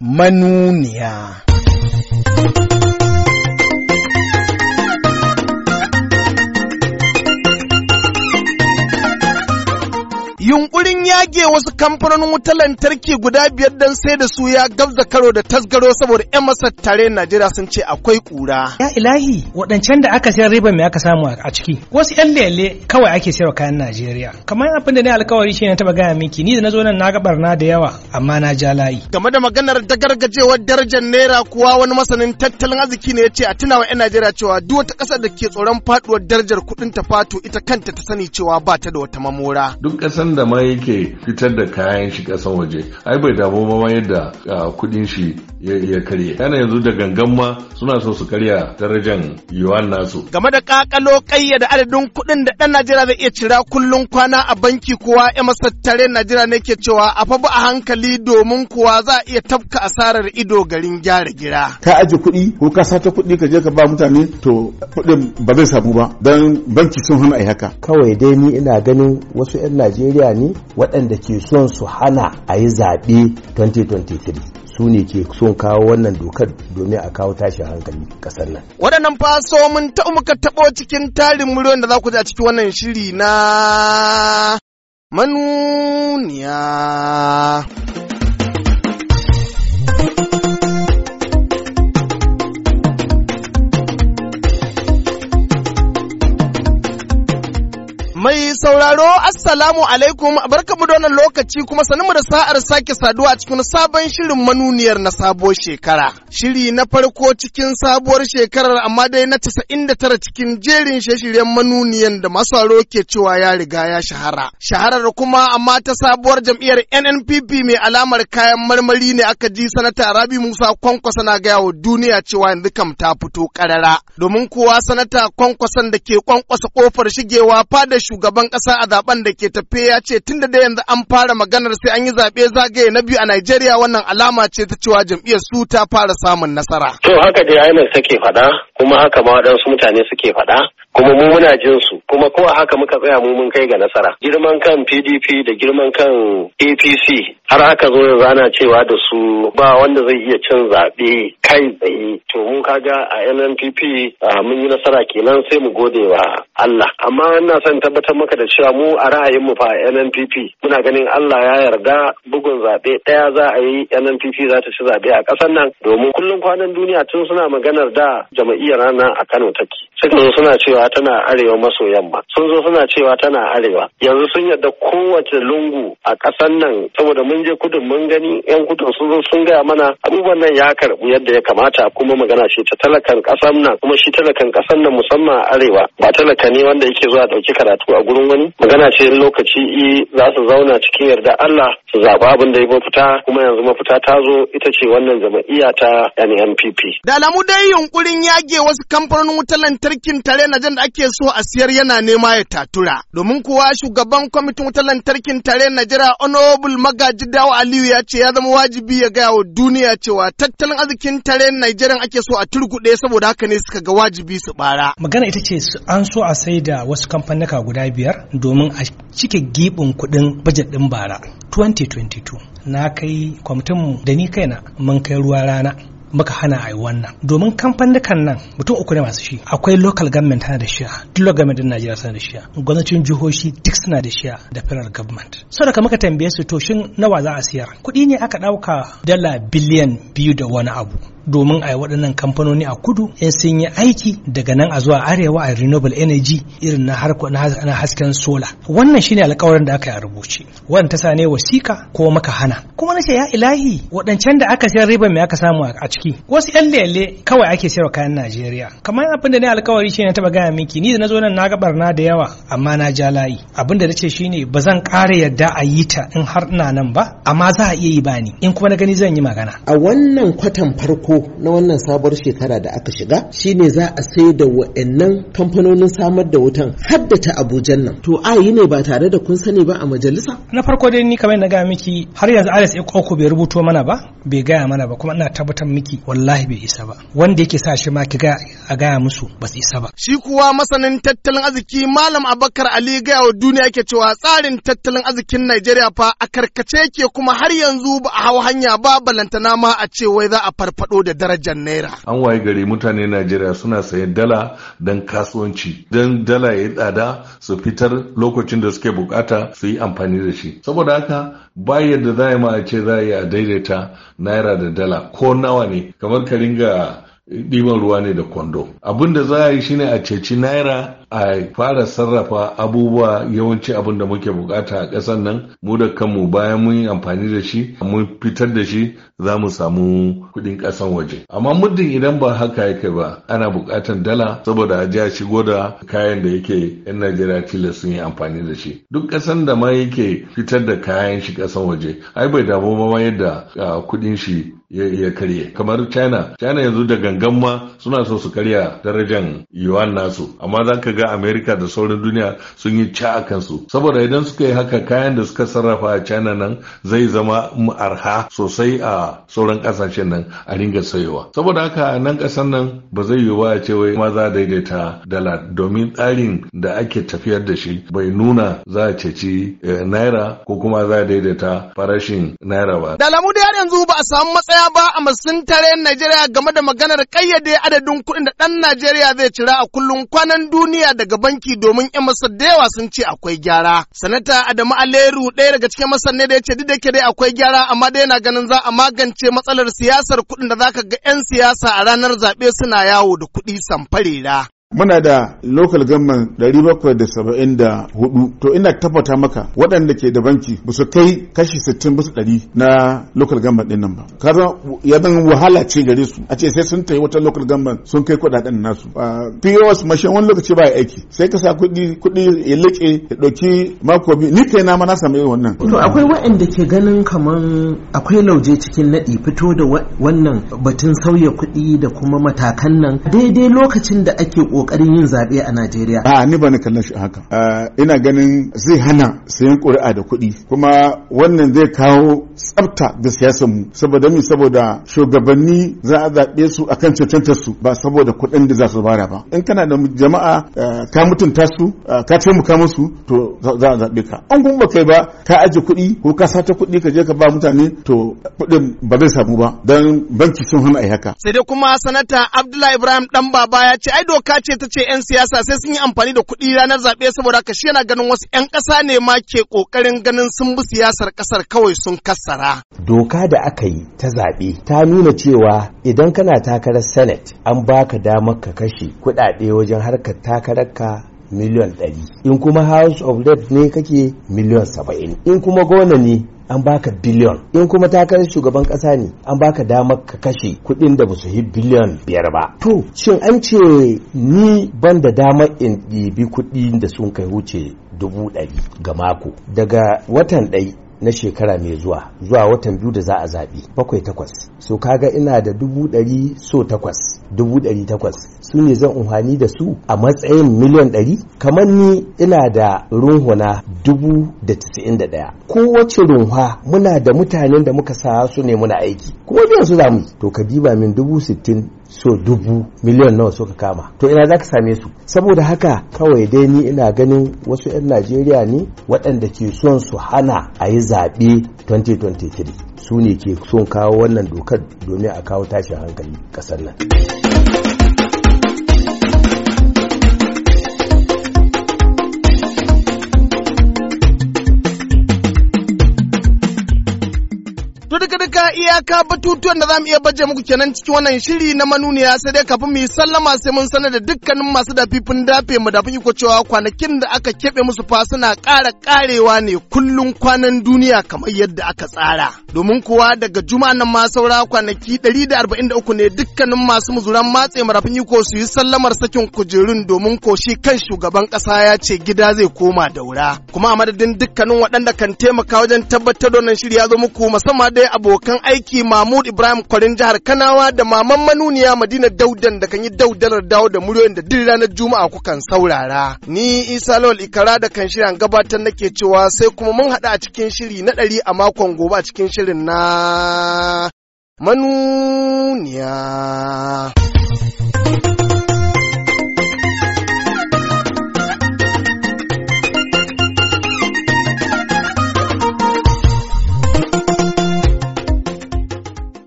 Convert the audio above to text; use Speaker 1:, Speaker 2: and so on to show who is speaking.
Speaker 1: manuniya. Yunƙurin yage wasu kamfanonin wutar lantarki guda biyar don sai da su ya gabza karo da tasgaro saboda 'yan masar tare Najeriya sun ce akwai kura.
Speaker 2: Ya ilahi waɗancan da aka sayar riba me aka samu a ciki. Wasu 'yan lele kawai ake sayar kayan Najeriya. Kamar abin da ni alkawari shi ne taba gaya miki ni da na zo nan na ga barna da yawa amma na ja layi. Game da maganar
Speaker 1: da gargajewar darajar naira kuwa wani masanin tattalin arziki ne ya ce a wa 'yan Najeriya cewa duk wata ƙasar da ke tsoron faɗuwar darajar kuɗin ta fato ita kanta ta sani cewa ba ta da wata mamora.
Speaker 3: Duk ƙasan da ma yake fitar da kayan shi kasan waje ai bai damu ma yadda kudin shi ya karye yana yanzu da gangan ma suna so su karya darajan yuwan nasu
Speaker 1: game da kakalo kayyada adadin kudin da dan Najeriya zai iya cira kullun kwana a banki kuwa ya masattare Najeriya ne ke cewa a fa ba a hankali domin kuwa za a iya tafka asarar ido garin gyara gira
Speaker 4: ka aje kuɗi ko ka sata kuɗi ka je ka ba mutane to
Speaker 5: kudin ba zai samu ba dan banki sun hana ai haka kawai dai ni ina ganin wasu 'yan Najeriya ne waɗanda ke son su hana a yi zaɓe 2023 su ne ke son kawo wannan dokar domin a kawo tashin hankali ƙasar nan.
Speaker 1: Waɗannan faso mun taɓa muka taɓo cikin tarin miliyon da za ku ji a cikin wannan shiri na manuniya. Mai sauraro Assalamu alaikum barka da wannan lokaci kuma sanin da sa'ar sake saduwa cikin sabon shirin manuniyar na sabuwar shekara. Shiri na farko cikin sabuwar shekarar amma dai na casa'in da tara cikin jerin shirye-shiryen da masu sauraro ke cewa ya riga ya shahara. Shaharar kuma amma ta sabuwar jam'iyyar NNPP mai alamar kayan marmari ne aka ji sanata Rabi Musa Kwankwasa na gaya wa duniya cewa yanzu kam ta fito karara. Domin kuwa sanata kwankwasan da ke kwankwasa kofar shigewa fada shugaban ƙasa a zaben da ke tafe ya ce tun da yanzu an fara maganar sai an yi zaɓe zagaye na biyu a Najeriya wannan alama ce ta cewa jam'iyyar su ta fara samun nasara.
Speaker 6: To haka dai ainihin take faɗa kuma haka ma waɗansu mutane suke faɗa kuma mu muna jin su kuma ko haka muka tsaya mu mun kai ga nasara. Girman kan PDP da girman kan APC har haka zo yanzu ana cewa da su ba wanda zai iya cin zaɓe kai tsaye. To mun kaga a NNPP mun yi nasara kenan sai mu gode wa Allah. Amma ina son tabbatar. tabbatar maka da cewa mu a ra'ayin mu fa NNPP muna ganin Allah ya yarda bugun zaɓe ɗaya za a yi NNPP za ta ci zaɓe a ƙasar nan domin kullum kwanan duniya tun suna maganar da jama'iyyar rana a Kano take. Suka zo suna cewa tana arewa maso yamma sun zo suna cewa tana arewa yanzu sun yarda kowace lungu a ƙasar nan saboda mun je kudin mun gani yan kudu sun zo sun gaya mana abubuwan nan ya karɓu yadda ya kamata kuma magana ce ta talakan ƙasar nan kuma shi talakan ƙasar nan musamman arewa ba talaka ne wanda yake zuwa ɗauki karatu ko a gurin wani magana ce lokaci i za su zauna cikin yarda Allah su zaba abin da ya mafita kuma yanzu mafita ta zo ita ce wannan jama'iyya ta NNPP.
Speaker 1: Da alamu dai yunkurin yage wasu kamfanonin wutar lantarkin tare na jan da ake so a siyar yana nema ya tatura. Domin kuwa shugaban kwamitin wutar lantarkin tare na jira Honorable Magaji Dawo Aliyu ya ce ya zama wajibi ya gaya wa duniya cewa tattalin arzikin tare Najeriya ake so a turgude saboda haka ne suka ga wajibi su bara.
Speaker 2: Magana ita ce an so a sai da wasu ka guda guda biyar domin a cike gibin kuɗin bajet ɗin bara 2022 na kai kwamitin da ni kaina mun kai ruwa rana muka hana a yi wannan domin kamfanin nan mutum uku ne masu shi akwai local government tana da shiya duk local government din Najeriya suna da shiya gwamnatin jihohi duk suna da shiya da federal government so da muka tambaye su to shin nawa za a siyar kuɗi ne aka ɗauka dala biliyan biyu da wani abu domin a yi waɗannan kamfanoni a kudu in sun yi aiki daga nan a zuwa arewa a renewable energy irin na na hasken sola wannan shine alƙawarin da aka yi a rubuce wanda ta sa ne wasika ko maka hana kuma na ce ya ilahi waɗancan da aka sayar riba me aka samu a ciki wasu yan lele kawai ake sayarwa kayan Najeriya kamar abin da ne alkawari shine na taba gaya miki ni da nazo nan na ga barna da yawa amma na ja layi abin da nace shine ba zan ƙara yadda a yi ta in har ina nan ba amma za a iya yi bani in kuma na gani zan yi magana a
Speaker 5: wannan kwatan farko na wannan sabuwar shekara da aka shiga shine za a sai da wa'annan kamfanonin samar da wutan haddata abujan nan to a ne ba tare da kun sani ba
Speaker 2: a majalisa na farko dai ni kamar na ga miki har yanzu Alex Ekoko bai rubuto mana ba bai gaya mana ba kuma ina tabbatar miki wallahi bai isa ba wanda yake sa shi ma ki ga a gaya musu ba su isa ba
Speaker 1: shi kuwa masanin tattalin arziki malam Abakar Ali gaya wa duniya yake cewa tsarin tattalin arzikin Najeriya fa a karkace yake kuma har yanzu ba a hau hanya ba balantana ma a ce wai za a farfado da darajar naira.
Speaker 3: An waye gari mutane Najeriya suna sayan dala don kasuwanci. Don dala ya tsada su fitar lokacin da suke bukata su yi amfani da shi. Saboda haka ba yadda za a ce za a daidaita naira da dala ko nawa ne kamar ka ringa ɗiban ruwa ne da kwando abin da za a yi shine a ceci naira a fara sarrafa abubuwa yawanci abin da muke bukata a ƙasar nan mu da kanmu bayan mun yi amfani da shi mun fitar da shi za mu samu kuɗin ƙasan waje amma muddin idan ba haka yake ba ana buƙatar dala saboda a ja shigo da kayan da yake 'yan najeriya tilas sun yi amfani da shi duk ƙasan da ma yake fitar da kayan shi ƙasan waje ai bai damu ma yadda ah, kuɗin shi ya karye kamar china china yanzu da gangan ma suna so su karya darajan yuan nasu amma za ka ga america da sauran duniya sun yi ca a kansu saboda idan suka yi haka kayan da suka sarrafa a china nan zai zama arha sosai a sauran kasashen nan a ringa sayowa saboda haka nan kasan nan ba zai yiwu a ce wai ma za daidaita dala domin tsarin da ake tafiyar da shi bai nuna za a ceci eh, naira ko kuma za a daidaita farashin naira ba
Speaker 1: da lamu da yanzu ba a samu matsaya Ya ba a masun tare Najeriya game da maganar kayyade adadin kuɗin da ɗan Najeriya zai cira a kullum kwanan duniya daga banki domin 'yan masar da sun ce akwai gyara. Sanata Adamu Aleru ɗaya daga cikin masar ne da ya ce duk da ke dai akwai gyara amma dai yana ganin za a magance matsalar siyasar kuɗin da zaka ga 'yan siyasa a ranar zaɓe suna yawo da kuɗi samfarera.
Speaker 4: muna da local government 774 to ina tabbata maka waɗanda ke da banki ba su kai kashi 60 bisa ɗari na local government ɗin nan ba kaza ya zan wahala ce gare su a ce sai sun tafi wata local government sun kai kuɗaɗen nasu POS mashin wani lokaci ba aiki sai ka sa kuɗi kuɗi ya leƙe ya ɗauki mako biyu ni kai na ma
Speaker 5: na samu irin wannan to akwai waɗanda ke ganin kaman akwai lauje cikin naɗi fito da wannan batun sauya kuɗi da kuma matakan nan daidai lokacin da ake kokarin yin zaɓe a Najeriya. A ni ba ni kallon shi
Speaker 4: haka. Ah, ina ganin zai hana sayan ƙuri'a da kuɗi kuma wannan zai kawo tsafta da siyasar mu saboda mi saboda shugabanni za a zaɓe su akan cancantar su ba saboda kuɗin da za su bara ba. In kana da jama'a eh, ka mutunta su eh, ka taimaka su to za a zaɓe ka. An kuma kai ba ka aje kuɗi ko ka sata kuɗi ka je ka ba mutane to kuɗin ba zai samu ba don banki sun hana a haka.
Speaker 1: Sai dai kuma sanata Abdullahi Ibrahim ɗan baba ya ce ai doka ce ce ta ce 'yan siyasa sai sun yi amfani da kuɗi ranar zaɓe saboda haka shi yana ganin wasu 'yan ƙasa ne ma ke ƙoƙarin ganin sun bi siyasar ƙasar kawai sun kassara.
Speaker 5: Doka da aka yi ta zaɓe ta nuna cewa idan kana takarar Senate an baka damar ka kashe kuɗaɗe wajen harkar takararka miliyan ɗari in kuma house of rep ne kake miliyan saba'in in kuma gona ne an baka biliyon in kuma takarar shugaban kasa ne an baka damar ka kashe kuɗin da basu yi biliyon biyar ba to shin an ce ni ban da damar in ɗibi kuɗi da sun kai wuce dubu ɗari ga mako daga watan ɗai na shekara mai zuwa zuwa watan biyu da za a zaɓi bakwai takwas so kaga ina da dubu ɗari so takwas 800 su ne zan umarni da su a matsayin miliyan 100 kamar ni ina da runhuna Ko kowace runha muna da mutanen da muka sa su ne muna aiki kuma biyan su zamu to ka diba min sittin so dubu miliyan nawa suka kama to ina za ka same su saboda haka kawai dai ni ina ganin wasu 'yan najeriya ne waɗanda ke son su hana a yi zaɓe 2023 su ne ke son kawo wannan dokar domin a kawo tashin hankali ƙasar nan.
Speaker 1: To duka duka iyaka batutuwan da za mu iya baje muku kenan cikin wannan shiri na manuniya sai dai kafin mu yi sallama sai mun sanar da dukkanin masu dafifin dafe mu dafin iko cewa kwanakin da aka keɓe musu fa suna ƙara ƙarewa ne kullum kwanan duniya kamar yadda aka tsara. Domin kuwa daga juma nan ma saura kwanaki 143 ne dukkanin masu muzuran matse marafin iko su yi sallamar sakin kujerun domin ko shi kan shugaban ƙasa ya ce gida zai koma daura. Kuma a madadin dukkanin waɗanda kan taimaka wajen tabbatar da wannan shiri ya zo muku musamman dai abokan aiki Mahmud Ibrahim Kwarin jihar Kanawa da maman manuniya Madina Daudan da kan yi daudalar dawo da muryoyin da duk ranar Juma'a kukan saurara. Ni Isa Lawal Ikara da kan shirin gabatar nake cewa sai kuma mun haɗu a cikin shiri na ɗari a makon gobe a cikin shirin na manuniya.